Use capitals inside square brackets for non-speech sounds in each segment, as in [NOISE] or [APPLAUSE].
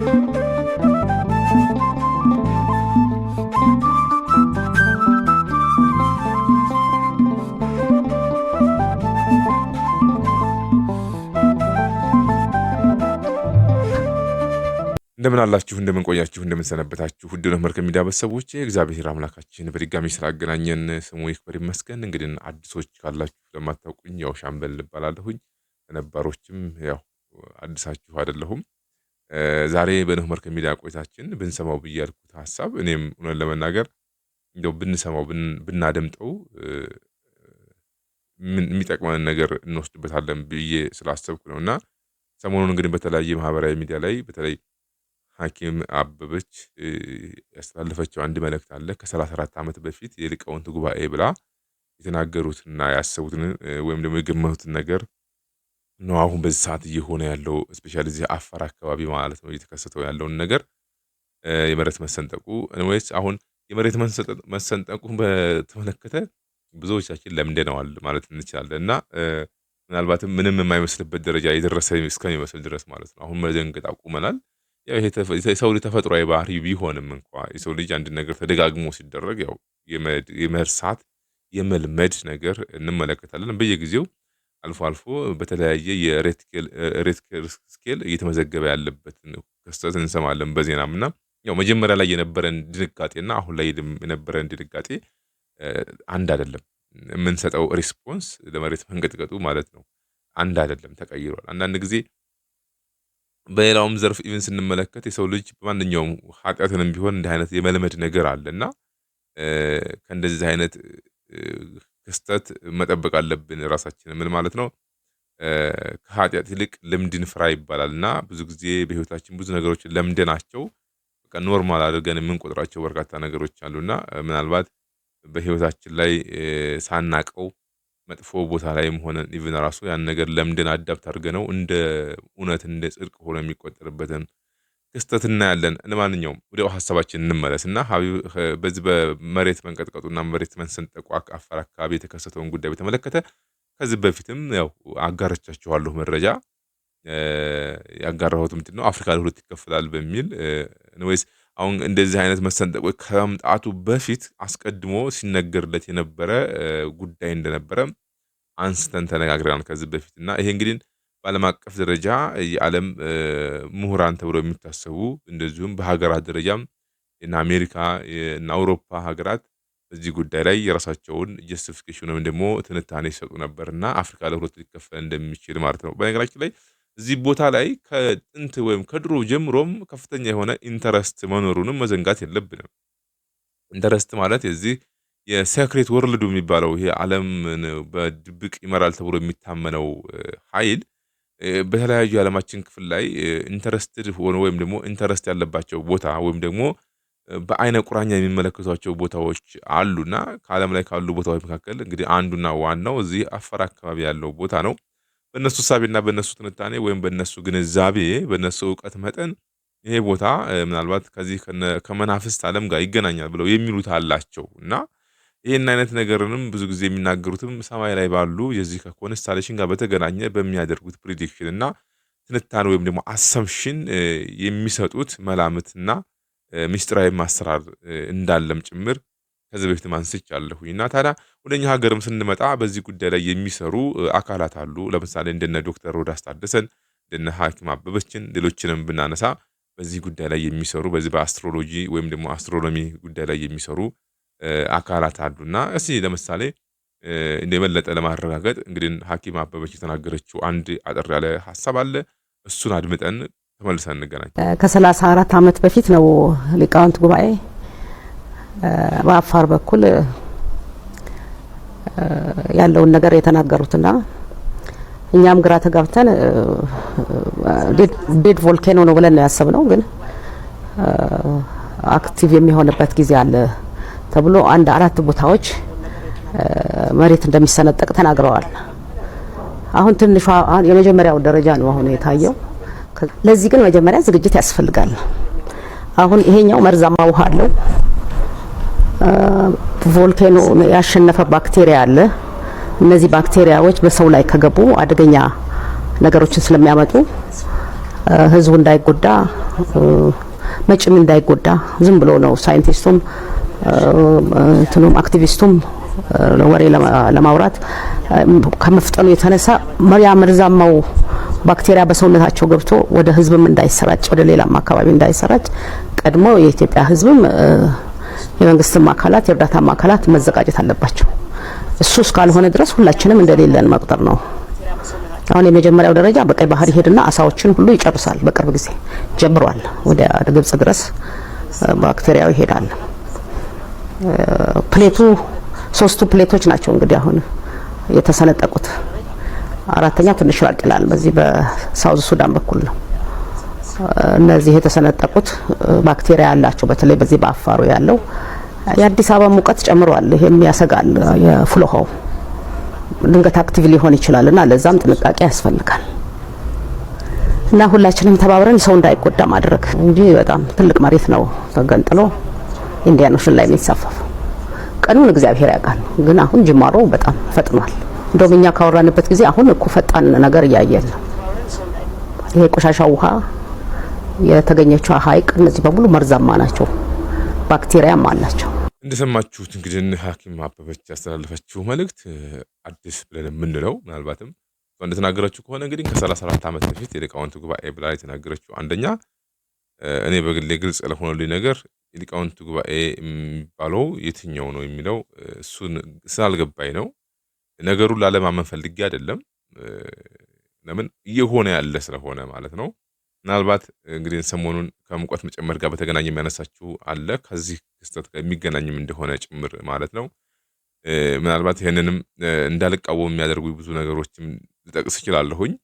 እንደምን አላችሁ? እንደምን ቆያችሁ? እንደምን ሰነበታችሁ? ውድ ነው መርከብ ሚዲያ ቤተሰቦች እግዚአብሔር አምላካችን በድጋሚ ስላገናኘን ስሙ ይክበር ይመስገን። እንግዲህ አዲሶች ካላችሁ ለማታውቁኝ ያው ሻምበል እባላለሁኝ፣ ነባሮችም ያው አዲሳችሁ አይደለሁም። ዛሬ በኖህ መርከብ ሚዲያ ቆይታችን ብንሰማው ብዬ ያልኩት ሀሳብ እኔም እውነት ለመናገር እንደው ብንሰማው ብናደምጠው የሚጠቅመንን ነገር እንወስድበታለን ብዬ ስላሰብኩ ነው እና ሰሞኑን እንግዲህ በተለያየ ማህበራዊ ሚዲያ ላይ በተለይ ሐኪም አበበች ያስተላለፈችው አንድ መልእክት አለ። ከሰላሳ አራት ዓመት በፊት የሊቃውንት ጉባኤ ብላ የተናገሩትና ያሰቡትን ወይም ደግሞ የገመቱትን ነገር ነው አሁን በዚህ ሰዓት እየሆነ ያለው ስፔሻሊ እዚህ አፋር አካባቢ ማለት ነው እየተከሰተው ያለውን ነገር የመሬት መሰንጠቁ ወይስ አሁን የመሬት መሰንጠቁ በተመለከተ ብዙዎቻችን ለምደነዋል ማለት እንችላለን እና ምናልባትም ምንም የማይመስልበት ደረጃ የደረሰ እስከሚመስል ድረስ ማለት ነው አሁን መደንገጥ አቁመናል። ያው የሰው ልጅ ተፈጥሯዊ ባህሪ ቢሆንም እንኳ የሰው ልጅ አንድ ነገር ተደጋግሞ ሲደረግ ያው የመርሳት የመልመድ ነገር እንመለከታለን በየጊዜው አልፎ አልፎ በተለያየ የሬትክር ስኬል እየተመዘገበ ያለበትን ክስተት እንሰማለን በዜናም እና ያው መጀመሪያ ላይ የነበረን ድንጋጤ እና አሁን ላይ የነበረን ድንጋጤ አንድ አይደለም። የምንሰጠው ሪስፖንስ ለመሬት መንቀጥቀጡ ማለት ነው አንድ አይደለም፣ ተቀይሯል። አንዳንድ ጊዜ በሌላውም ዘርፍ ኢቨን ስንመለከት የሰው ልጅ በማንኛውም ኃጢአትንም ቢሆን እንዲህ አይነት የመልመድ ነገር አለ እና ከእንደዚህ አይነት ክስተት መጠበቅ አለብን ራሳችን ምን ማለት ነው ከኃጢአት ይልቅ ልምድን ፍራ ይባላል እና ብዙ ጊዜ በህይወታችን ብዙ ነገሮችን ለምደናቸው በቃ ኖርማል አድርገን የምንቆጥራቸው በርካታ ነገሮች አሉና ምናልባት በህይወታችን ላይ ሳናቀው መጥፎ ቦታ ላይ መሆነን ኢቭን ራሱ ያን ነገር ለምደን አድርገ ነው እንደ እውነት እንደ ጽድቅ ሆኖ የሚቆጠርበትን ክስተት እናያለን። ለማንኛውም ወደ ሀሳባችን እንመለስና ሀቢብ በዚህ በመሬት መንቀጥቀጡና መሬት መንሰንጠቁ አፋር አካባቢ የተከሰተውን ጉዳይ በተመለከተ ከዚህ በፊትም ያው አጋረቻችኋለሁ መረጃ ያጋራሁት ምንድን ነው አፍሪካ ለሁለት ይከፈላል በሚል ወይስ አሁን እንደዚህ አይነት መሰንጠቆች ከመምጣቱ በፊት አስቀድሞ ሲነገርለት የነበረ ጉዳይ እንደነበረ አንስተን ተነጋግረናል ከዚህ በፊት እና ይሄ እንግዲህ በዓለም አቀፍ ደረጃ የዓለም ምሁራን ተብሎ የሚታሰቡ እንደዚሁም በሀገራት ደረጃም እና አሜሪካ እና አውሮፓ ሀገራት በዚህ ጉዳይ ላይ የራሳቸውን ጀስቲፊኬሽን ወይም ደግሞ ትንታኔ ይሰጡ ነበር እና አፍሪካ ለሁለት ሊከፈል እንደሚችል ማለት ነው። በነገራችን ላይ እዚህ ቦታ ላይ ከጥንት ወይም ከድሮ ጀምሮም ከፍተኛ የሆነ ኢንተረስት መኖሩንም መዘንጋት የለብንም። ኢንተረስት ማለት የዚህ የሴክሬት ወርልዱ የሚባለው ይሄ ዓለምን በድብቅ ይመራል ተብሎ የሚታመነው ኃይል በተለያዩ የዓለማችን ክፍል ላይ ኢንተረስትድ ሆኖ ወይም ደግሞ ኢንተረስት ያለባቸው ቦታ ወይም ደግሞ በአይነ ቁራኛ የሚመለከቷቸው ቦታዎች አሉና ከዓለም ላይ ካሉ ቦታዎች መካከል እንግዲህ አንዱና ዋናው እዚህ አፋር አካባቢ ያለው ቦታ ነው። በእነሱ ሳቤና በእነሱ ትንታኔ ወይም በእነሱ ግንዛቤ በእነሱ እውቀት መጠን ይሄ ቦታ ምናልባት ከዚህ ከመናፍስት ዓለም ጋር ይገናኛል ብለው የሚሉት አላቸው እና ይህን አይነት ነገርንም ብዙ ጊዜ የሚናገሩትም ሰማይ ላይ ባሉ የዚህ ከኮንስታሌሽን ጋር በተገናኘ በሚያደርጉት ፕሪዲክሽን እና ትንታኔ ወይም ደግሞ አሰምሽን የሚሰጡት መላምትና ሚስጥራዊ ማሰራር እንዳለም ጭምር ከዚህ በፊት አንስቻለሁኝ እና ታዲያ ወደ እኛ ሀገርም ስንመጣ በዚህ ጉዳይ ላይ የሚሰሩ አካላት አሉ። ለምሳሌ እንደነ ዶክተር ሮዳስ ታደሰን እንደነ ሐኪም አበበችን ሌሎችንም ብናነሳ በዚህ ጉዳይ ላይ የሚሰሩ በዚህ በአስትሮሎጂ ወይም ደግሞ አስትሮኖሚ ጉዳይ ላይ የሚሰሩ አካላት አሉና እስቲ ለምሳሌ የበለጠ ለማረጋገጥ እንግዲህ ሐኪም አበበች የተናገረችው አንድ አጠር ያለ ሀሳብ አለ። እሱን አድምጠን ተመልሰን እንገናኝ። ከሰላሳ አራት ዓመት በፊት ነው ሊቃውንት ጉባኤ በአፋር በኩል ያለውን ነገር የተናገሩትና እኛም ግራ ተጋብተን ዴድ ቮልኬኖ ነው ብለን ነው ያሰብነው። ግን አክቲቭ የሚሆንበት ጊዜ አለ ተብሎ አንድ አራት ቦታዎች መሬት እንደሚሰነጠቅ ተናግረዋል። አሁን ትንሿ የመጀመሪያው ደረጃ ነው አሁን የታየው። ለዚህ ግን መጀመሪያ ዝግጅት ያስፈልጋል። አሁን ይሄኛው መርዛማ ውሃ አለው። ቮልኬኖ ያሸነፈ ባክቴሪያ አለ። እነዚህ ባክቴሪያዎች በሰው ላይ ከገቡ አደገኛ ነገሮችን ስለሚያመጡ ህዝቡ እንዳይጎዳ መጭም እንዳይጎዳ ዝም ብሎ ነው ሳይንቲስቱም እንትኑም አክቲቪስቱም ወሬ ለማውራት ከመፍጠኑ የተነሳ መሪያ መርዛማው ባክቴሪያ በሰውነታቸው ገብቶ ወደ ህዝብም እንዳይሰራጭ ወደ ሌላም አካባቢ እንዳይሰራጭ ቀድሞ የኢትዮጵያ ህዝብም የመንግስትም አካላት የእርዳታም አካላት መዘጋጀት አለባቸው። እሱ እስካልሆነ ድረስ ሁላችንም እንደሌለን መቁጠር ነው። አሁን የመጀመሪያው ደረጃ በቀይ ባህር ይሄድና አሳዎችን ሁሉ ይጨርሳል። በቅርብ ጊዜ ጀምሯል። ወደ ግብጽ ድረስ ባክቴሪያው ይሄዳል። ፕሌቱ ሶስቱ ፕሌቶች ናቸው እንግዲህ አሁን የተሰነጠቁት። አራተኛ ትንሽ ራቅ ይላል፣ በዚህ በሳውዝ ሱዳን በኩል ነው። እነዚህ የተሰነጠቁት ባክቴሪያ ያላቸው በተለይ በዚህ በአፋሩ ያለው የአዲስ አበባ ሙቀት ጨምሯል። ይሄም ያሰጋል። የፍሎሆው ድንገት አክቲቭ ሊሆን ይችላል እና ለዛም ጥንቃቄ ያስፈልጋል እና ሁላችንም ተባብረን ሰው እንዳይጎዳ ማድረግ እንጂ በጣም ትልቅ መሬት ነው ተገንጥሎ ኢንዲያን ኦሽን ላይ የሚንሳፈፈው ቀኑን እግዚአብሔር ያውቃል። ግን አሁን ጅማሮ በጣም ፈጥኗል። እንደውም እኛ ካወራንበት ጊዜ አሁን እኮ ፈጣን ነገር እያየን ነው። ይሄ ቆሻሻ ውሃ፣ የተገኘችው ሀይቅ፣ እነዚህ በሙሉ መርዛማ ናቸው፣ ባክቴሪያም አላቸው። እንደሰማችሁት እንግዲህ ሐኪም አበበች ያስተላለፈችው መልእክት አዲስ ብለን የምንለው ምናልባትም እንደተናገረችው ከሆነ እንግዲህ ከሰላሳ አራት ዓመት በፊት የሊቃውንት ጉባኤ ብላ የተናገረችው አንደኛ እኔ በግሌ ግልጽ ለሆነልኝ ነገር ሊቃውንቱ ጉባኤ የሚባለው የትኛው ነው የሚለው እሱን ስላልገባኝ ነው። ነገሩን ላለማመን ፈልጌ አይደለም። ለምን እየሆነ ያለ ስለሆነ ማለት ነው። ምናልባት እንግዲህ ሰሞኑን ከሙቀት መጨመር ጋር በተገናኘ የሚያነሳችው አለ ከዚህ ክስተት ጋር የሚገናኝም እንደሆነ ጭምር ማለት ነው። ምናልባት ይህንንም እንዳልቃወም የሚያደርጉ ብዙ ነገሮችም ልጠቅስ እችላለሁኝ።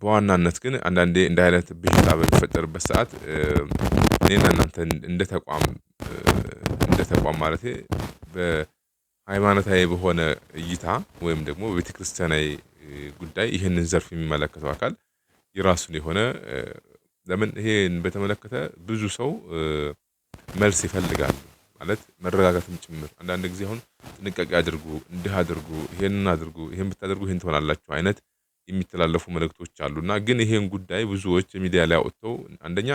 በዋናነት ግን አንዳንዴ እንደ አይነት ብሽታ በሚፈጠርበት ሰዓት እኔና እናንተ እንደ ተቋም እንደ ተቋም ማለት በሃይማኖታዊ በሆነ እይታ ወይም ደግሞ በቤተክርስቲያናዊ ጉዳይ ይህንን ዘርፍ የሚመለከተው አካል የራሱን የሆነ ለምን ይሄን በተመለከተ ብዙ ሰው መልስ ይፈልጋል ማለት መረጋጋትም ጭምር አንዳንድ ጊዜ አሁን ጥንቃቄ አድርጉ፣ እንዲህ አድርጉ፣ ይሄንን አድርጉ፣ ይሄን ብታደርጉ ይሄን ትሆናላችሁ አይነት የሚተላለፉ መልእክቶች እና ግን ይሄን ጉዳይ ብዙዎች ሚዲያ ላይ አወጥተው አንደኛ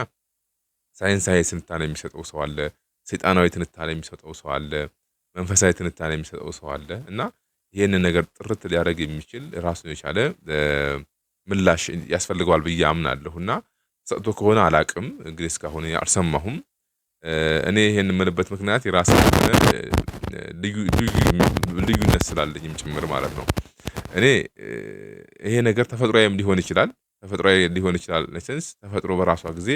ሳይንሳዊ ስንታኔ የሚሰጠው ሰው አለ፣ ሰይጣናዊ ትንታኔ የሚሰጠው ሰው አለ፣ መንፈሳዊ ትንታኔ የሚሰጠው ሰው አለ እና ይህንን ነገር ጥርት ሊያደርግ የሚችል ራሱን የቻለ ምላሽ ያስፈልገዋል ብዬ አምናለሁ እና ተሰጥቶ ከሆነ አላቅም እንግዲህ እስካሁን አልሰማሁም። እኔ ይህን የምልበት ምክንያት የራስ ልዩነት ስላለኝም ጭምር ማለት ነው። እኔ ይሄ ነገር ተፈጥሯዊም ሊሆን ይችላል ተፈጥሯዊ ሊሆን ይችላል። ተፈጥሮ በራሷ ጊዜ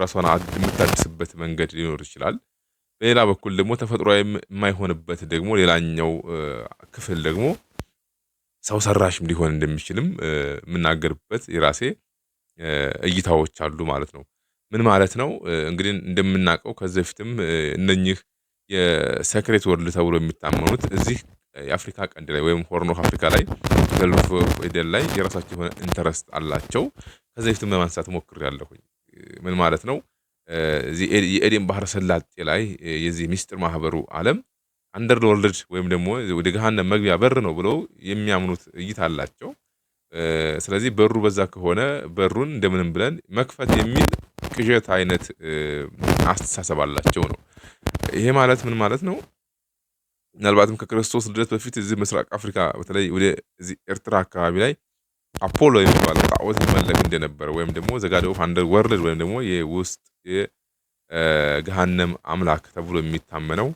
ራሷን የምታድስበት መንገድ ሊኖር ይችላል። በሌላ በኩል ደግሞ ተፈጥሮ የማይሆንበት ደግሞ ሌላኛው ክፍል ደግሞ ሰው ሰራሽም ሊሆን እንደሚችልም የምናገርበት የራሴ እይታዎች አሉ ማለት ነው። ምን ማለት ነው እንግዲህ እንደምናውቀው ከዚህ በፊትም እነኚህ የሰክሬት ወርልድ ተብሎ የሚታመኑት እዚህ የአፍሪካ ቀንድ ላይ ወይም ሆርን ኦፍ አፍሪካ ላይ ገልፍ ኤደን ላይ የራሳቸው የሆነ ኢንተረስት አላቸው። ከዚህ በፊትም ለማንሳት ያለሁኝ ምን ማለት ነው? እዚህ የኤዴን ባህረ ሰላጤ ላይ የዚህ ሚስጥር ማህበሩ አለም አንደር ወይም ደግሞ ወደ ገሃነም መግቢያ በር ነው ብለው የሚያምኑት እይታ አላቸው። ስለዚህ በሩ በዛ ከሆነ በሩን እንደምንም ብለን መክፈት የሚል ቅዠት አይነት አስተሳሰብ አላቸው ነው። ይሄ ማለት ምን ማለት ነው? ምናልባትም ከክርስቶስ ልደት በፊት እዚህ ምስራቅ አፍሪካ በተለይ ወደ ኤርትራ አካባቢ ላይ አፖሎ የሚባለ ጣዖት ይመለክ እንደነበረ ወይም ደግሞ ዘጋድ ኦፍ አንደር ወርልድ ወይም ደግሞ የውስጥ የገሃነም አምላክ ተብሎ የሚታመነው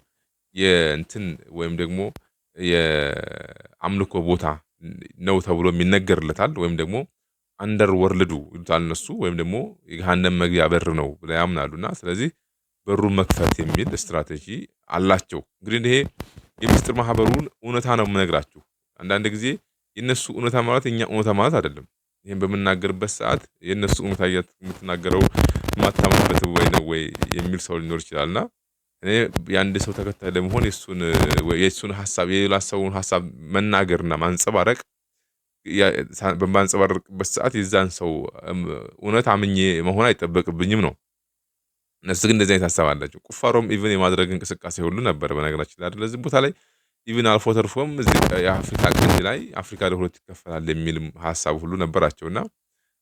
የእንትን ወይም ደግሞ የአምልኮ ቦታ ነው ተብሎ የሚነገርለታል። ወይም ደግሞ አንደር ወርልዱ ይሉታል እነሱ ወይም ደግሞ የገሃነም መግቢያ በር ነው ብለው ያምናሉ እና ስለዚህ በሩ መክፈት የሚል ስትራቴጂ አላቸው። እንግዲህ ይሄ የምስጢር ማህበሩን እውነታ ነው የምነግራችሁ አንዳንድ ጊዜ የእነሱ እውነታ ማለት የእኛ እውነታ ማለት አይደለም። ይህም በምናገርበት ሰዓት የእነሱ እውነታ የምትናገረው ማታማበት ወይ ነው ወይ የሚል ሰው ሊኖር ይችላልና እኔ የአንድ ሰው ተከታይ ለመሆን የእሱን ሀሳብ የሌላ ሰውን ሀሳብ መናገርና ማንጸባረቅ በማንጸባረቅበት ሰዓት የዛን ሰው እውነት አምኜ መሆን አይጠበቅብኝም ነው። እነሱ ግን እንደዚህ አይነት ሀሳብ አላቸው። ቁፋሮም ኢቨን የማድረግ እንቅስቃሴ ሁሉ ነበር። በነገራችን ላይ እዚህ ቦታ ላይ ኢቭን አልፎ ተርፎም የአፍሪካ ቀንድ ላይ አፍሪካ ለሁለት ይከፈላል የሚልም ሀሳብ ሁሉ ነበራቸው እና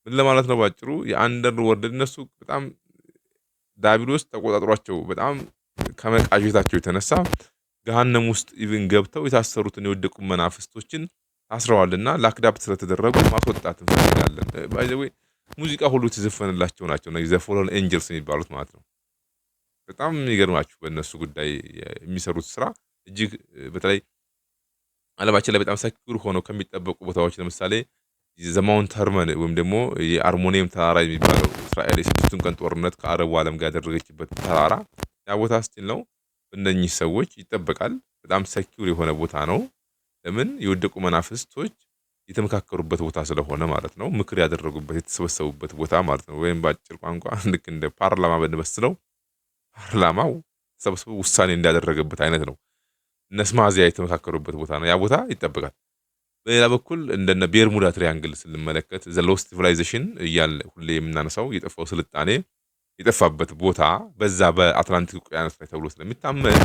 ምን ለማለት ነው ባጭሩ የአንደር ወርድ እነሱ በጣም ዳቢሎስ ተቆጣጥሯቸው በጣም ከመቃዠታቸው የተነሳ ገሃነም ውስጥ ኢቭን ገብተው የታሰሩትን የወደቁ መናፍስቶችን ታስረዋልና ለአክዳፕት ስለተደረጉ ማስወጣት እንፈልጋለን። ባይዘዌ ሙዚቃ ሁሉ የተዘፈንላቸው ናቸው ዘ ፎለን ኤንጀልስ የሚባሉት ማለት ነው። በጣም የሚገርማችሁ በእነሱ ጉዳይ የሚሰሩት ስራ እጅግ በተለይ አለማችን ላይ በጣም ሰኪር ሆነው ከሚጠበቁ ቦታዎች ለምሳሌ ዘማውን ተርመን ወይም ደግሞ የአርሞኒየም ተራራ የሚባለው እስራኤል የስድስቱን ቀን ጦርነት ከአረቡ ዓለም ጋር ያደረገችበት ተራራ ያ ቦታ ስቲል ነው። እነኚህ ሰዎች ይጠበቃል። በጣም ሰኪር የሆነ ቦታ ነው። ለምን የወደቁ መናፍስቶች የተመካከሩበት ቦታ ስለሆነ ማለት ነው። ምክር ያደረጉበት የተሰበሰቡበት ቦታ ማለት ነው። ወይም በአጭር ቋንቋ [LAUGHS] ልክ እንደ ፓርላማ ብንመስለው ፓርላማው ተሰብስቦ ውሳኔ እንዳደረገበት አይነት ነው። ነስማዚያ የተመካከሩበት ቦታ ነው። ያ ቦታ ይጠበቃል። በሌላ በኩል እንደነ ቤርሙዳ ትሪያንግል ስንመለከት ዘ ሎስት ሲቪላይዜሽን እያለ ሁሌ የምናነሳው የጠፋው ስልጣኔ የጠፋበት ቦታ በዛ በአትላንቲክ ውቅያኖስ ላይ ተብሎ ስለሚታመን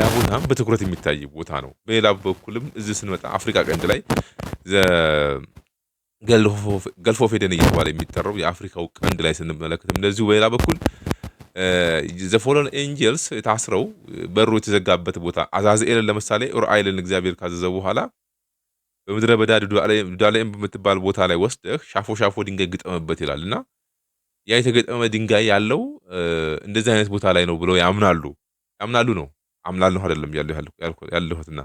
ያ ቦታም በትኩረት የሚታይ ቦታ ነው። በሌላ በኩልም እዚህ ስንመጣ አፍሪካ ቀንድ ላይ ገልፎ ፌደን እየተባለ የሚጠራው የአፍሪካው ቀንድ ላይ ስንመለከትም እንደዚሁ በሌላ በኩል ዘፎለን ኤንጀልስ ታስረው በሩ የተዘጋበት ቦታ አዛዝኤልን ለምሳሌ ዑራኤልን እግዚአብሔር ካዘዘ በኋላ በምድረ በዳ ዱዳላይም በምትባል ቦታ ላይ ወስደህ ሻፎ ሻፎ ድንጋይ ግጠምበት ይላል እና ያ የተገጠመ ድንጋይ ያለው እንደዚህ አይነት ቦታ ላይ ነው ብለው ያምናሉ። ያምናሉ ነው አምናለሁ አይደለም ያለሁትና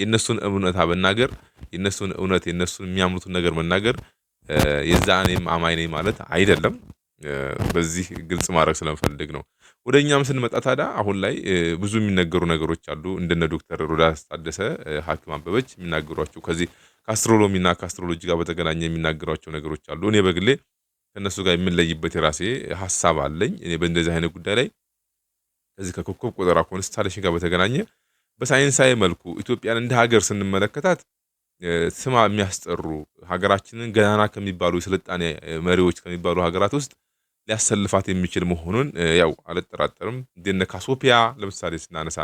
የእነሱን እምነታ መናገር የእነሱን እውነት የእነሱን የሚያምኑትን ነገር መናገር የዛ እኔም አማኝ ነኝ ማለት አይደለም። በዚህ ግልጽ ማድረግ ስለምፈልግ ነው። ወደ እኛም ስንመጣ ታዲያ አሁን ላይ ብዙ የሚነገሩ ነገሮች አሉ። እንደነ ዶክተር ሮዳስ ታደሰ፣ ሐኪም አበበች የሚናገሯቸው ከዚህ ከአስትሮሎሚና ከአስትሮሎጂ ጋር በተገናኘ የሚናገሯቸው ነገሮች አሉ። እኔ በግሌ ከእነሱ ጋር የምንለይበት የራሴ ሀሳብ አለኝ። እኔ በእንደዚህ አይነት ጉዳይ ላይ ከዚህ ከኮከብ ቆጠራ ኮንስታሌሽን ጋር በተገናኘ በሳይንሳዊ መልኩ ኢትዮጵያን እንደ ሀገር ስንመለከታት ስማ የሚያስጠሩ ሀገራችንን ገናና ከሚባሉ የስልጣኔ መሪዎች ከሚባሉ ሀገራት ውስጥ ሊያሰልፋት የሚችል መሆኑን ያው አልጠራጠርም። እንደነ ካሶፒያ ለምሳሌ ስናነሳ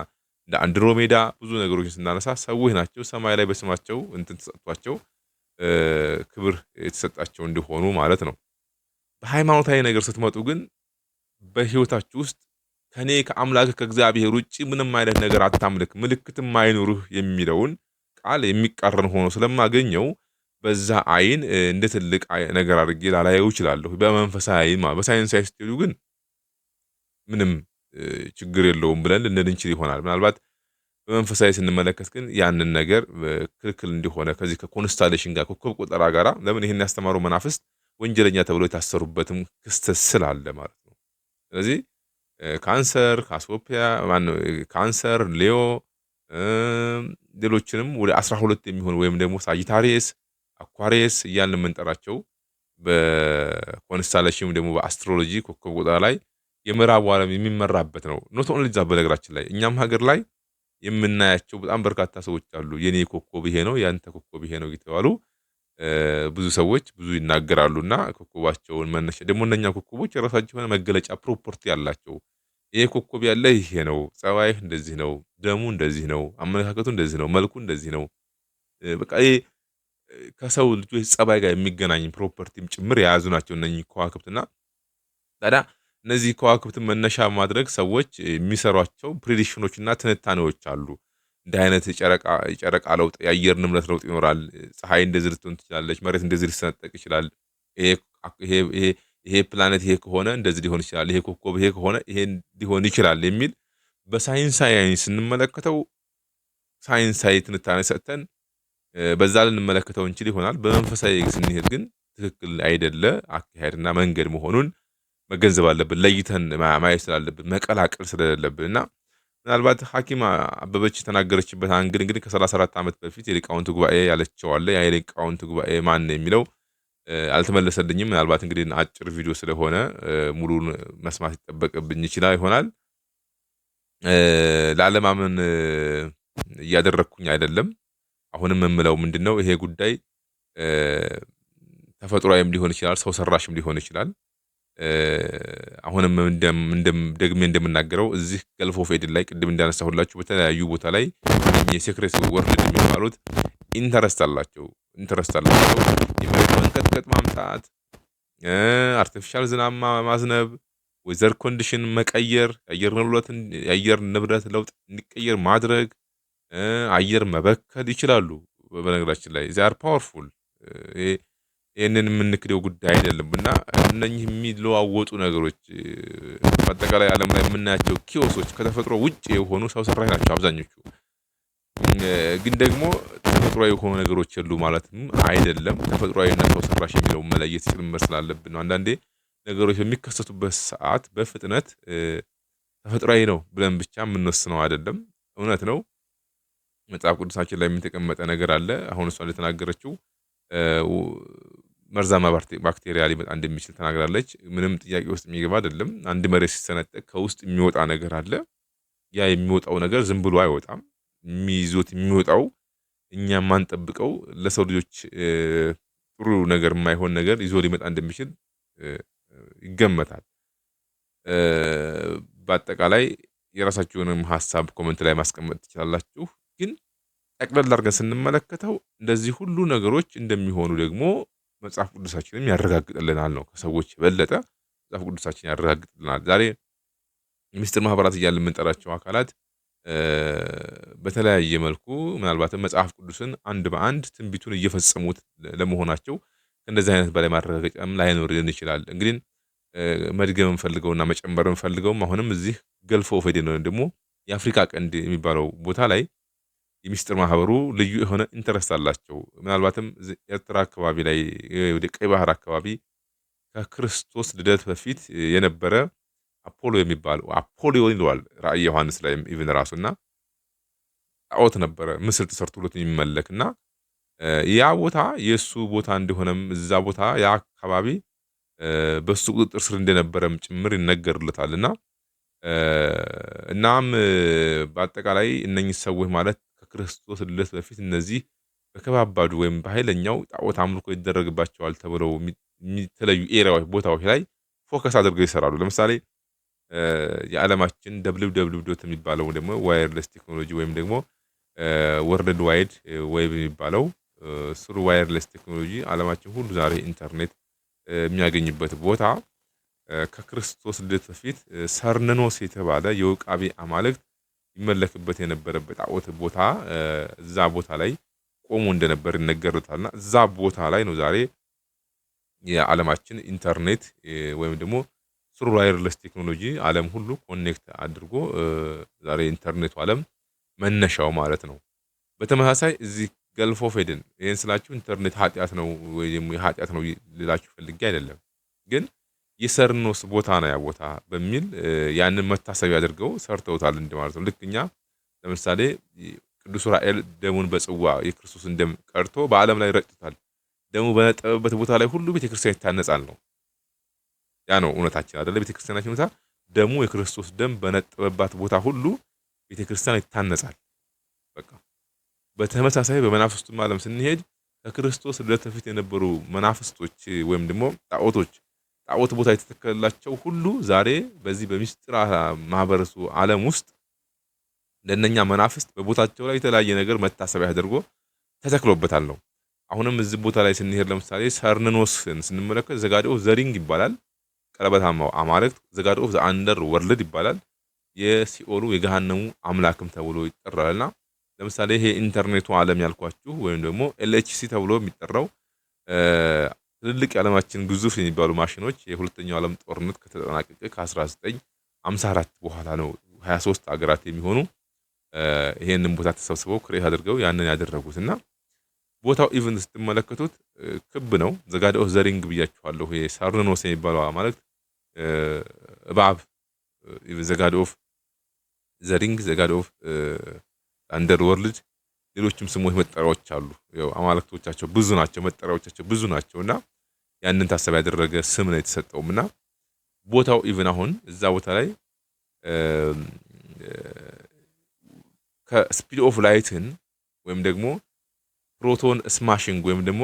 እንደ አንድሮሜዳ ብዙ ነገሮችን ስናነሳ ሰዎች ናቸው ሰማይ ላይ በስማቸው እንትን ተሰጥቷቸው ክብር የተሰጣቸው እንዲሆኑ ማለት ነው። በሃይማኖታዊ ነገር ስትመጡ ግን በህይወታችሁ ውስጥ ከእኔ ከአምላክ ከእግዚአብሔር ውጭ ምንም አይነት ነገር አታምልክ ምልክትም አይኑርህ የሚለውን ቃል የሚቃረን ሆኖ ስለማገኘው በዛ አይን እንደ ትልቅ ነገር አድርጌ ላላየው እችላለሁ። በመንፈሳዊ አይን ማለት በሳይንሳዊ ስትሄዱ ግን ምንም ችግር የለውም ብለን ልንል ይሆናል። ምናልባት በመንፈሳዊ ስንመለከት ግን ያንን ነገር ክልክል እንደሆነ ከዚህ ከኮንስታሌሽን ጋር ኮከብ ቆጠራ ጋር ለምን ይህን ያስተማሩ መናፍስት ወንጀለኛ ተብሎ የታሰሩበትም ክስተት ስላለ ማለት ነው። ስለዚህ ካንሰር፣ ካስፖፒያ ካንሰር፣ ሌዮ ሌሎችንም ወደ አስራ ሁለት የሚሆን ወይም ደግሞ ሳጂታሪየስ አኳሪየስ እያልን የምንጠራቸው በኮንስታሌሽን ደግሞ በአስትሮሎጂ ኮከብ ቆጠራ ላይ የምዕራቡ ዓለም የሚመራበት ነው። ኖት ኦንሊ ዛ በነገራችን ላይ እኛም ሀገር ላይ የምናያቸው በጣም በርካታ ሰዎች አሉ። የኔ ኮከብ ይሄ ነው፣ ያንተ ኮከብ ይሄ ነው የተባሉ ብዙ ሰዎች ብዙ ይናገራሉ። እና ኮከባቸውን መነሻ ደግሞ እነኛ ኮከቦች የራሳቸው የሆነ መገለጫ ፕሮፖርቲ አላቸው። ይሄ ኮከብ ያለ ይሄ ነው፣ ጸባይህ እንደዚህ ነው፣ ደሙ እንደዚህ ነው፣ አመለካከቱ እንደዚህ ነው፣ መልኩ እንደዚህ ነው። በቃ ከሰው ልጆች ጸባይ ጋር የሚገናኝ ፕሮፐርቲም ጭምር የያዙ ናቸው እነኚህ ከዋክብት ታዲያ እነዚህ ከዋክብትን መነሻ ማድረግ ሰዎች የሚሰሯቸው ፕሬዲክሽኖች እና ትንታኔዎች አሉ። እንዲህ አይነት የጨረቃ ለውጥ፣ የአየር ንብረት ለውጥ ይኖራል፣ ፀሐይ እንደዚህ ልትሆን ትችላለች፣ መሬት እንደዚህ ሊሰነጠቅ ይችላል፣ ይሄ ፕላኔት ይሄ ከሆነ እንደዚህ ሊሆን ይችላል፣ ይሄ ኮከብ ይሄ ከሆነ ይሄ ሊሆን ይችላል የሚል በሳይንሳዊ ስንመለከተው ሳይንሳዊ ትንታኔ ሰጥተን በዛ ልንመለከተው እንችል ይሆናል። በመንፈሳዊ ስንሄድ ግን ትክክል አይደለ አካሄድና መንገድ መሆኑን መገንዘብ አለብን። ለይተን ማየት ስላለብን መቀላቀል ስለሌለብን እና ምናልባት ሐኪም አበበች የተናገረችበት አንግል እንግዲህ ከሰላሳ አራት ዓመት በፊት የሊቃውንት ጉባኤ ያለችዋለ ያ የሊቃውንት ጉባኤ ማን ነው የሚለው አልተመለሰልኝም። ምናልባት እንግዲህ አጭር ቪዲዮ ስለሆነ ሙሉን መስማት ይጠበቅብኝ ይችላል ይሆናል። ላለማመን እያደረግኩኝ አይደለም አሁንም የምለው ምንድን ነው ይሄ ጉዳይ ተፈጥሯዊም ሊሆን ይችላል፣ ሰው ሰራሽም ሊሆን ይችላል። አሁንም ደግሜ እንደምናገረው እዚህ ገልፎ ፌድን ላይ ቅድም እንዳነሳሁላችሁ በተለያዩ ቦታ ላይ የሴክሬት ወርድ የሚባሉት ኢንተረስት አላቸው ኢንተረስት አላቸው። የመሬት መንቀጥቀጥ ማምጣት፣ አርቲፊሻል ዝናብ ማዝነብ፣ ወይዘር ኮንዲሽን መቀየር፣ የአየር ንብረት ለውጥ እንዲቀየር ማድረግ አየር መበከል ይችላሉ። በነገራችን ላይ ዚያር ፓወርፉል ይህንን የምንክደው ጉዳይ አይደለም እና እነኚህ የሚለዋወጡ ነገሮች በአጠቃላይ ዓለም ላይ የምናያቸው ኪዮሶች ከተፈጥሮ ውጭ የሆኑ ሰው ሰራሽ ናቸው አብዛኞቹ። ግን ደግሞ ተፈጥሯዊ የሆኑ ነገሮች የሉ ማለትም አይደለም። ተፈጥሯዊና ሰው ሰራሽ የሚለው መለየት ጭምር ስላለብን ነው። አንዳንዴ ነገሮች በሚከሰቱበት ሰዓት በፍጥነት ተፈጥሯዊ ነው ብለን ብቻ የምንወስነው አይደለም። እውነት ነው መጽሐፍ ቅዱሳችን ላይ የተቀመጠ ነገር አለ። አሁን እሷ እንደተናገረችው መርዛማ ባክቴሪያ ሊመጣ እንደሚችል ተናግራለች። ምንም ጥያቄ ውስጥ የሚገባ አይደለም። አንድ መሬት ሲሰነጠቅ ከውስጥ የሚወጣ ነገር አለ። ያ የሚወጣው ነገር ዝም ብሎ አይወጣም። የሚይዞት የሚወጣው እኛ የማንጠብቀው ለሰው ልጆች ጥሩ ነገር የማይሆን ነገር ይዞ ሊመጣ እንደሚችል ይገመታል። በአጠቃላይ የራሳችሁንም ሀሳብ ኮመንት ላይ ማስቀመጥ ትችላላችሁ። ጠቅለል አድርገን ስንመለከተው እንደዚህ ሁሉ ነገሮች እንደሚሆኑ ደግሞ መጽሐፍ ቅዱሳችንም ያረጋግጥልናል ነው። ከሰዎች የበለጠ መጽሐፍ ቅዱሳችን ያረጋግጥልናል። ዛሬ ሚስጥር ማህበራት እያለ የምንጠራቸው አካላት በተለያየ መልኩ ምናልባትም መጽሐፍ ቅዱስን አንድ በአንድ ትንቢቱን እየፈጸሙት ለመሆናቸው ከእንደዚህ አይነት በላይ ማረጋገጫም ላይኖርልን ይችላል። እንግዲህ መድገም እንፈልገውና መጨመር እንፈልገውም አሁንም እዚህ ገልፎ ኦፍ ኤደን ደግሞ የአፍሪካ ቀንድ የሚባለው ቦታ ላይ የሚስጥር ማህበሩ ልዩ የሆነ ኢንተረስት አላቸው። ምናልባትም ኤርትራ አካባቢ ላይ ወደ ቀይ ባህር አካባቢ ከክርስቶስ ልደት በፊት የነበረ አፖሎ የሚባል አፖሊዮን ይለዋል ራእይ ዮሐንስ ላይ ኢቭን ራሱ እና ጣዖት ነበረ ምስል ተሰርቶለት የሚመለክ እና ያ ቦታ የእሱ ቦታ እንደሆነም እዛ ቦታ ያ አካባቢ በሱ ቁጥጥር ስር እንደነበረም ጭምር ይነገርለታል እና እናም በአጠቃላይ እነኚህ ሰዎች ማለት ክርስቶስ ልደት በፊት እነዚህ በከባባዱ ወይም በኃይለኛው ጣዖት አምልኮ ይደረግባቸዋል ተብለው የሚተለዩ ኤሪያዎች፣ ቦታዎች ላይ ፎከስ አድርገው ይሰራሉ። ለምሳሌ የዓለማችን ደብልብ ደብልብ ዶት የሚባለው ደግሞ ዋይርለስ ቴክኖሎጂ ወይም ደግሞ ወርልድ ዋይድ ዌብ የሚባለው ስሩ ዋይርለስ ቴክኖሎጂ ዓለማችን ሁሉ ዛሬ ኢንተርኔት የሚያገኝበት ቦታ ከክርስቶስ ልደት በፊት ሰርነኖስ የተባለ የውቃቤ አማልክት ይመለክበት የነበረበት ጣዖት ቦታ እዛ ቦታ ላይ ቆሞ እንደነበር ይነገርታልና እዛ ቦታ ላይ ነው ዛሬ የዓለማችን ኢንተርኔት ወይም ደግሞ ስሩ ዋይርለስ ቴክኖሎጂ ዓለም ሁሉ ኮኔክት አድርጎ ዛሬ ኢንተርኔቱ ዓለም መነሻው ማለት ነው። በተመሳሳይ እዚህ ገልፎ ፌድን ይህን ስላችሁ ኢንተርኔት ኃጢአት ነው ወይ የኃጢአት ነው ልላችሁ ፈልጌ አይደለም ግን የሰርኖስ ቦታ ነው ያ ቦታ በሚል ያንን መታሰቢያ አድርገው ሰርተውታል እንደማለት ነው። ልክ እኛ ለምሳሌ ቅዱስ ራኤል ደሙን በጽዋ የክርስቶስን ደም ቀርቶ በዓለም ላይ ረጭቷል። ደሙ በነጠበበት ቦታ ላይ ሁሉ ቤተክርስቲያን ይታነጻል ነው ያ ነው እውነታችን አደለ? ቤተክርስቲያናችን እውነታ ደሙ የክርስቶስ ደም በነጠበባት ቦታ ሁሉ ቤተክርስቲያን ይታነጻል። በቃ በተመሳሳይ በመናፍስቱ ዓለም ስንሄድ ከክርስቶስ ልደት በፊት የነበሩ መናፍስቶች ወይም ደግሞ ጣዖቶች ጣዖት ቦታ የተተከለላቸው ሁሉ ዛሬ በዚህ በምስጢር ማህበረሱ ዓለም ውስጥ እንደነኛ መናፍስት በቦታቸው ላይ የተለያየ ነገር መታሰቢያ አድርጎ ተተክሎበታል ነው። አሁንም እዚህ ቦታ ላይ ስንሄድ ለምሳሌ ሰርንኖስን ስንመለከት ዘጋድኦፍ ዘሪንግ ይባላል። ቀለበታማው አማልክት ዘጋድኦፍ ዘአንደር ወርልድ ይባላል። የሲኦሉ የገሃነሙ አምላክም ተብሎ ይጠራልና ለምሳሌ ይሄ ኢንተርኔቱ ዓለም ያልኳችሁ ወይም ደግሞ ኤልኤችሲ ተብሎ የሚጠራው ትልልቅ የዓለማችን ግዙፍ የሚባሉ ማሽኖች የሁለተኛው ዓለም ጦርነት ከተጠናቀቀ ከ1954 በኋላ ነው 23 ሀገራት የሚሆኑ ይሄንን ቦታ ተሰብስበው ክሬት አድርገው ያንን ያደረጉት እና ቦታው ኢቨን ስትመለከቱት ክብ ነው። ዘጋድ ኦፍ ዘሪንግ ብያችኋለሁ። ሳርኖስ የሚባለው ማለት እባብ ዘጋድ ኦፍ ዘሪንግ፣ ዘጋድ ኦፍ አንደር ወርልድ፣ ሌሎችም ስሞች መጠሪያዎች አሉ። አማልክቶቻቸው ብዙ ናቸው፣ መጠሪያዎቻቸው ብዙ ናቸው እና ያንን ታሳቢ ያደረገ ስም ነው የተሰጠውም እና ቦታው ኢቭን አሁን እዛ ቦታ ላይ ከስፒድ ኦፍ ላይትን ወይም ደግሞ ፕሮቶን ስማሽንግ ወይም ደግሞ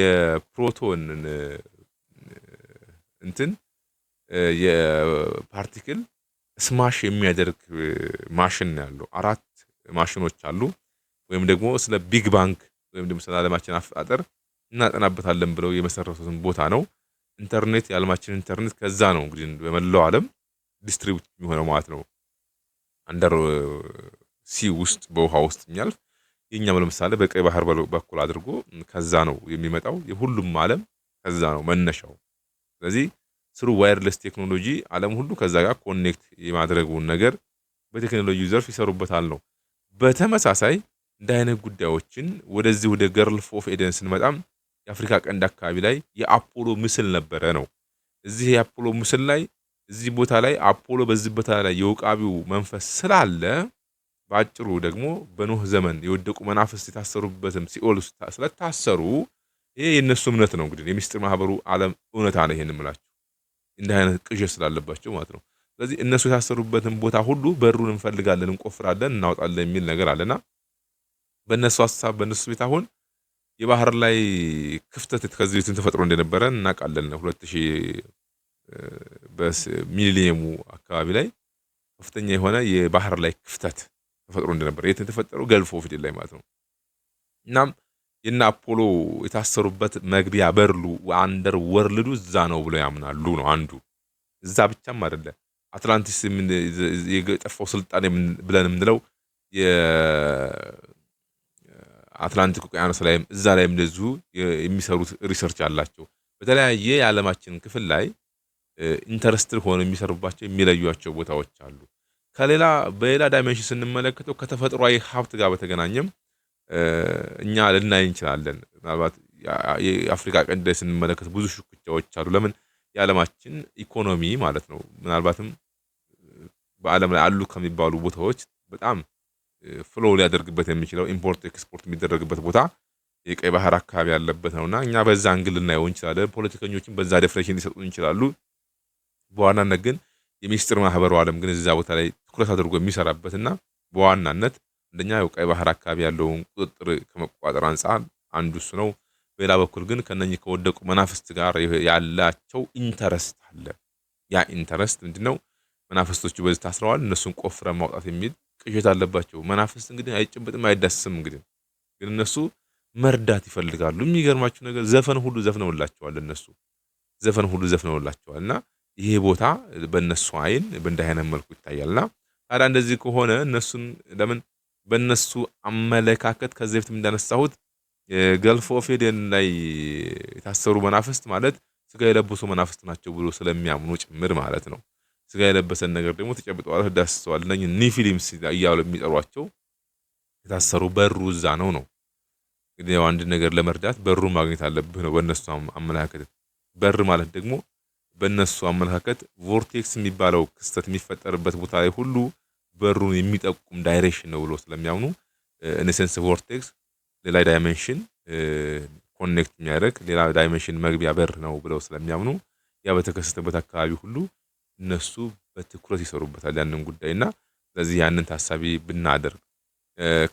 የፕሮቶን እንትን የፓርቲክል ስማሽ የሚያደርግ ማሽን ያለው አራት ማሽኖች አሉ። ወይም ደግሞ ስለ ቢግ ባንክ ወይም ደግሞ ስለ ዓለማችን አፈጣጠር እናጠናበታለን ብለው የመሰረቱትን ቦታ ነው። ኢንተርኔት የዓለማችን ኢንተርኔት ከዛ ነው እንግዲህ በመላው ዓለም ዲስትሪቡት የሚሆነው ማለት ነው። አንደር ሲ ውስጥ በውሃ ውስጥ የሚያልፍ የእኛም ለምሳሌ በቀይ ባህር በኩል አድርጎ ከዛ ነው የሚመጣው። የሁሉም ዓለም ከዛ ነው መነሻው። ስለዚህ ስሩ ዋይርለስ ቴክኖሎጂ ዓለም ሁሉ ከዛ ጋር ኮኔክት የማድረጉን ነገር በቴክኖሎጂ ዘርፍ ይሰሩበታል ነው። በተመሳሳይ እንደ አይነት ጉዳዮችን ወደዚህ ወደ ገርል ኦፍ ኤደን ስንመጣም የአፍሪካ ቀንድ አካባቢ ላይ የአፖሎ ምስል ነበረ ነው። እዚህ የአፖሎ ምስል ላይ እዚህ ቦታ ላይ አፖሎ በዚህ ቦታ ላይ የውቃቢው መንፈስ ስላለ በአጭሩ ደግሞ በኖህ ዘመን የወደቁ መናፍስት የታሰሩበትም ሲኦል ስለታሰሩ ይሄ የእነሱ እምነት ነው። እንግዲህ የሚስጥር ማህበሩ ዓለም እውነት አለ። ይሄን ምላችሁ እንዲህ አይነት ቅዠት ስላለባቸው ማለት ነው። ስለዚህ እነሱ የታሰሩበትን ቦታ ሁሉ በሩን እንፈልጋለን፣ እንቆፍራለን፣ እናወጣለን የሚል ነገር አለና በእነሱ ሀሳብ በእነሱ ቤት አሁን የባህር ላይ ክፍተት ከዚህ በፊትም ተፈጥሮ እንደነበረ እናውቃለን። ሁለት ሺህ አካባቢ ላይ ከፍተኛ የሆነ የባህር ላይ ክፍተት ተፈጥሮ እንደነበረ የት የተፈጠረው ገልፎ ፊደል ላይ ማለት ነው። እናም የነ አፖሎ የታሰሩበት መግቢያ በርሉ አንደር ወርልዱ እዛ ነው ብለው ያምናሉ ነው አንዱ። እዛ ብቻም አይደለ አትላንቲስ የጠፋው ስልጣኔ ብለን የምንለው አትላንቲክ ውቅያኖስ ላይም እዛ ላይም እንደዚሁ የሚሰሩት ሪሰርች አላቸው። በተለያየ የዓለማችን ክፍል ላይ ኢንተረስትድ ሆነው የሚሰሩባቸው የሚለዩቸው ቦታዎች አሉ። ከሌላ በሌላ ዳይሜንሽን ስንመለከተው ከተፈጥሯዊ ሀብት ጋር በተገናኘም እኛ ልናይ እንችላለን። ምናልባት የአፍሪካ ቀንድ ላይ ስንመለከት ብዙ ሽኩቻዎች አሉ። ለምን የዓለማችን ኢኮኖሚ ማለት ነው ምናልባትም በዓለም ላይ አሉ ከሚባሉ ቦታዎች በጣም ፍሎ ሊያደርግበት የሚችለው ኢምፖርት ኤክስፖርት የሚደረግበት ቦታ የቀይ ባህር አካባቢ ያለበት ነውና እኛ በዛ አንግል ልናየው እንችላለን። ፖለቲከኞችን በዛ ዴፍሬሽን ሊሰጡን ይችላሉ። በዋናነት ግን የሚስጥር ማህበሩ ዓለም ግን እዛ ቦታ ላይ ትኩረት አድርጎ የሚሰራበትና በዋናነት አንደኛ ቀይ ባህር አካባቢ ያለውን ቁጥጥር ከመቋጠር አንጻር አንዱ እሱ ነው። በሌላ በኩል ግን ከነኚህ ከወደቁ መናፍስት ጋር ያላቸው ኢንተረስት አለ። ያ ኢንተረስት ምንድነው? መናፍስቶቹ በዚህ ታስረዋል፣ እነሱን ቆፍረን ማውጣት የሚል ቅዠት አለባቸው። መናፍስት እንግዲህ አይጨበጥም አይዳስም። እንግዲህ ግን እነሱ መርዳት ይፈልጋሉ። የሚገርማችሁ ነገር ዘፈን ሁሉ ዘፍነውላቸዋል። እነሱ ዘፈን ሁሉ ዘፍነውላቸዋል። እና ይሄ ቦታ በእነሱ አይን በእንዲህ አይነት መልኩ ይታያልና ታዲያ እንደዚህ ከሆነ እነሱን ለምን በእነሱ አመለካከት ከዚህ በፊትም እንዳነሳሁት ገልፎ ኦፍ ላይ የታሰሩ መናፍስት ማለት ስጋ የለበሱ መናፍስት ናቸው ብሎ ስለሚያምኑ ጭምር ማለት ነው። ስጋ የለበሰን ነገር ደግሞ ተጨብጠዋል፣ ዳስሰዋል። እነ ኒፊሊምስ እያሉ የሚጠሯቸው የታሰሩ በሩ እዛ ነው ነው እንግዲህ ያው አንድ ነገር ለመርዳት በሩ ማግኘት አለብህ ነው በእነሱ አመለካከት። በር ማለት ደግሞ በእነሱ አመለካከት ቮርቴክስ የሚባለው ክስተት የሚፈጠርበት ቦታ ላይ ሁሉ በሩን የሚጠቁም ዳይሬክሽን ነው ብሎ ስለሚያምኑ ኢነሴንስ ቮርቴክስ ሌላ ዳይመንሽን ኮኔክት የሚያደርግ ሌላ ዳይመንሽን መግቢያ በር ነው ብለው ስለሚያምኑ ያ በተከሰተበት አካባቢ ሁሉ እነሱ በትኩረት ይሰሩበታል ያንን ጉዳይ እና ስለዚህ ያንን ታሳቢ ብናደርግ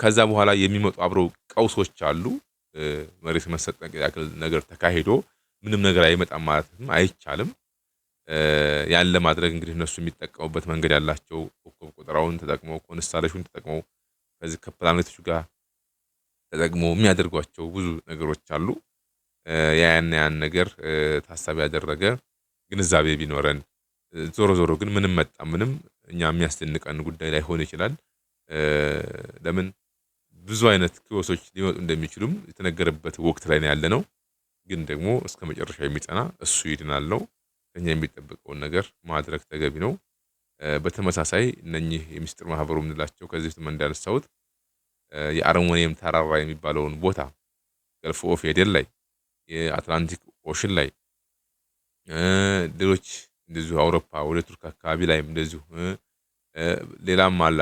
ከዛ በኋላ የሚመጡ አብረው ቀውሶች አሉ። መሬት መሰንጠቅ ያክል ነገር ተካሂዶ ምንም ነገር አይመጣም ማለትም አይቻልም። ያን ለማድረግ እንግዲህ እነሱ የሚጠቀሙበት መንገድ ያላቸው ኮከብ ቁጥራውን ተጠቅመው ኮንስታሌሽን ተጠቅመው ከዚህ ከፕላኔቶች ጋር ተጠቅመው የሚያደርጓቸው ብዙ ነገሮች አሉ። ያን ያን ነገር ታሳቢ ያደረገ ግንዛቤ ቢኖረን ዞሮ ዞሮ ግን ምንም መጣ ምንም እኛ የሚያስደንቀን ጉዳይ ላይሆን ይችላል። ለምን ብዙ አይነት ክሶች ሊመጡ እንደሚችሉም የተነገረበት ወቅት ላይ ነው ያለነው። ግን ደግሞ እስከ መጨረሻ የሚጠና እሱ ይድናል ነው። ከኛ የሚጠበቀውን ነገር ማድረግ ተገቢ ነው። በተመሳሳይ እነኚህ የሚስጥር ማህበሩ የምንላቸው ከዚህ ፊትም እንዳነሳሁት የአረሞኔም ተራራ የሚባለውን ቦታ ገልፍ ኦፍ ኤደን ላይ የአትላንቲክ ኦሽን ላይ ሌሎች እንደዚሁ አውሮፓ ወደ ቱርክ አካባቢ ላይም እንደዚሁ ሌላም አለ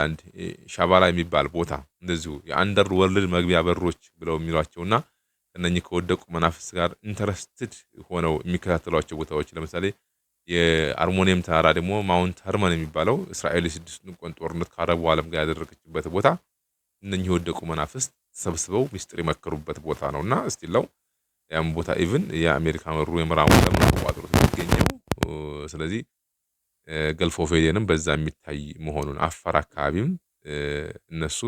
ሻባላ የሚባል ቦታ እንደዚሁ የአንደር ወርልድ መግቢያ በሮች ብለው የሚሏቸውና እነኚህ ከወደቁ መናፍስ ጋር ኢንተረስትድ ሆነው የሚከታተሏቸው ቦታዎች ለምሳሌ የአርሞኒየም ተራራ ደግሞ ማውንት ሀርመን የሚባለው እስራኤል የስድስቱን ቀን ጦርነት ከአረቡ ዓለም ጋር ያደረገችበት ቦታ እነኚህ የወደቁ መናፍስ ተሰብስበው ሚስጥር የመከሩበት ቦታ ነው እና እስቲለው ያም ቦታ ኢቭን የአሜሪካ መሩ የምዕራቡ ዓለም ነው ስለዚህ ገልፎ ፌዴንም በዛ የሚታይ መሆኑን አፋር አካባቢም እነሱ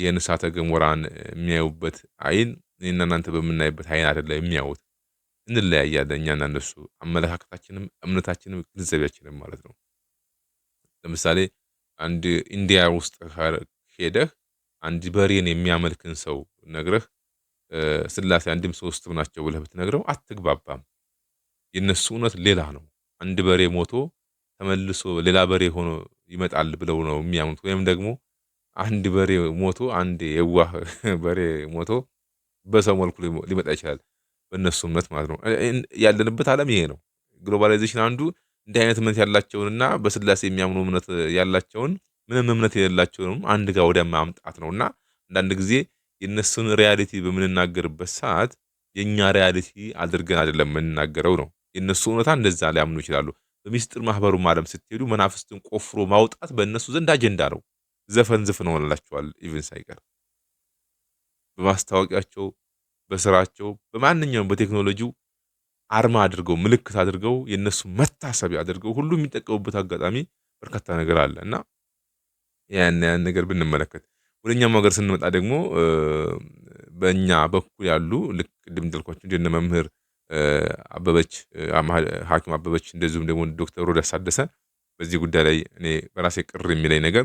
ይህን እሳተ ገሞራን የሚያዩበት አይን እኔና እናንተ በምናይበት አይን አይደለም የሚያዩት። እንለያያለን እኛና እነሱ አመለካከታችንም እምነታችንም ግንዛቤያችንም ማለት ነው። ለምሳሌ አንድ ኢንዲያ ውስጥ ሄደህ አንድ በሬን የሚያመልክን ሰው ነግረህ ስላሴ አንድም ሶስትም ናቸው ብለህ ብትነግረው አትግባባም። የእነሱ እውነት ሌላ ነው። አንድ በሬ ሞቶ ተመልሶ ሌላ በሬ ሆኖ ይመጣል ብለው ነው የሚያምኑት። ወይም ደግሞ አንድ በሬ ሞቶ አንድ የዋህ [LAUGHS] በሬ ሞቶ በሰው መልኩ ሊመጣ ይችላል በእነሱ እምነት ማለት ነው። ያለንበት ዓለም ይሄ ነው። ግሎባላይዜሽን አንዱ እንዲህ አይነት እምነት ያላቸውንና በስላሴ የሚያምኑ እምነት ያላቸውን ምንም እምነት የሌላቸውንም አንድ ጋር ወደ ማምጣት ነው እና አንዳንድ ጊዜ የእነሱን ሪያሊቲ በምንናገርበት ሰዓት የእኛ ሪያሊቲ አድርገን አይደለም የምንናገረው ነው። የእነሱ እውነታ እንደዛ ሊያምኑ ይችላሉ። በሚስጥር ማህበሩ ዓለም ስትሄዱ መናፍስትን ቆፍሮ ማውጣት በእነሱ ዘንድ አጀንዳ ነው። ዘፈን ዝፍን ሆነላቸዋል። ኢቨን ሳይቀር በማስታወቂያቸው፣ በስራቸው፣ በማንኛውም በቴክኖሎጂው አርማ አድርገው ምልክት አድርገው የእነሱ መታሰቢያ አድርገው ሁሉ የሚጠቀሙበት አጋጣሚ በርካታ ነገር አለ እና ያን ያን ነገር ብንመለከት ወደኛም ሀገር ስንመጣ ደግሞ በእኛ በኩል ያሉ ልክ ቅድም እንዳልኳቸው እንደነ መምህር አበበች ሐኪም አበበች እንደዚሁም ደግሞ ዶክተር ሮዳስ ታደሰ በዚህ ጉዳይ ላይ እኔ በራሴ ቅር የሚለኝ ነገር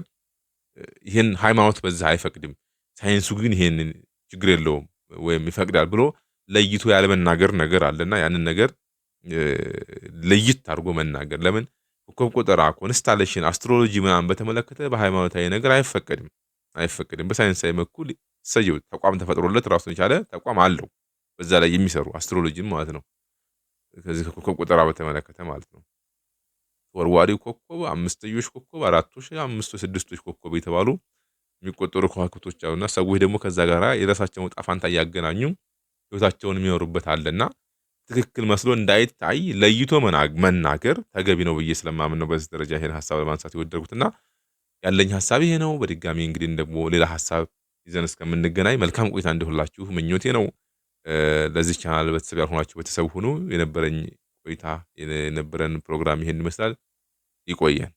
ይህን ሃይማኖት በዛ አይፈቅድም፣ ሳይንሱ ግን ይህን ችግር የለውም ወይም ይፈቅዳል ብሎ ለይቶ ያለመናገር ነገር አለና ያንን ነገር ለይት አድርጎ መናገር ለምን ኮከብ ቆጠራ፣ ኮንስታሌሽን፣ አስትሮሎጂ ምናምን በተመለከተ በሃይማኖታዊ ነገር አይፈቀድም አይፈቅድም በሳይንሳዊ በኩል ሰየው ተቋም ተፈጥሮለት ራሱን የቻለ ተቋም አለው። በዛ ላይ የሚሰሩ አስትሮሎጂን ማለት ነው። ከዚህ ከኮከብ ቆጠራ በተመለከተ ማለት ነው። ወርዋሪ ኮከብ፣ አምስተኞች ኮከብ፣ አራቶች፣ አምስቶ ስድስቶች ኮከብ የተባሉ የሚቆጠሩ ከዋክብቶች አሉና ሰዎች ደግሞ ከዛ ጋር የራሳቸውን ዕጣ ፈንታ እያገናኙ ህይወታቸውን የሚኖሩበት አለና ትክክል መስሎ እንዳይታይ ለይቶ መናገር ተገቢ ነው ብዬ ስለማምን ነው በዚህ ደረጃ ይሄን ሀሳብ ለማንሳት የወደድኩትና ያለኝ ሀሳብ ይሄ ነው። በድጋሚ እንግዲህ ደግሞ ሌላ ሀሳብ ይዘን እስከምንገናኝ መልካም ቆይታ እንዲሆንላችሁ ምኞቴ ነው። ለዚህ ቻናል ቤተሰብ ያልሆናችሁ ቤተሰብ ሁኑ። የነበረኝ ቆይታ የነበረን ፕሮግራም ይሄን ይመስላል። ይቆየን።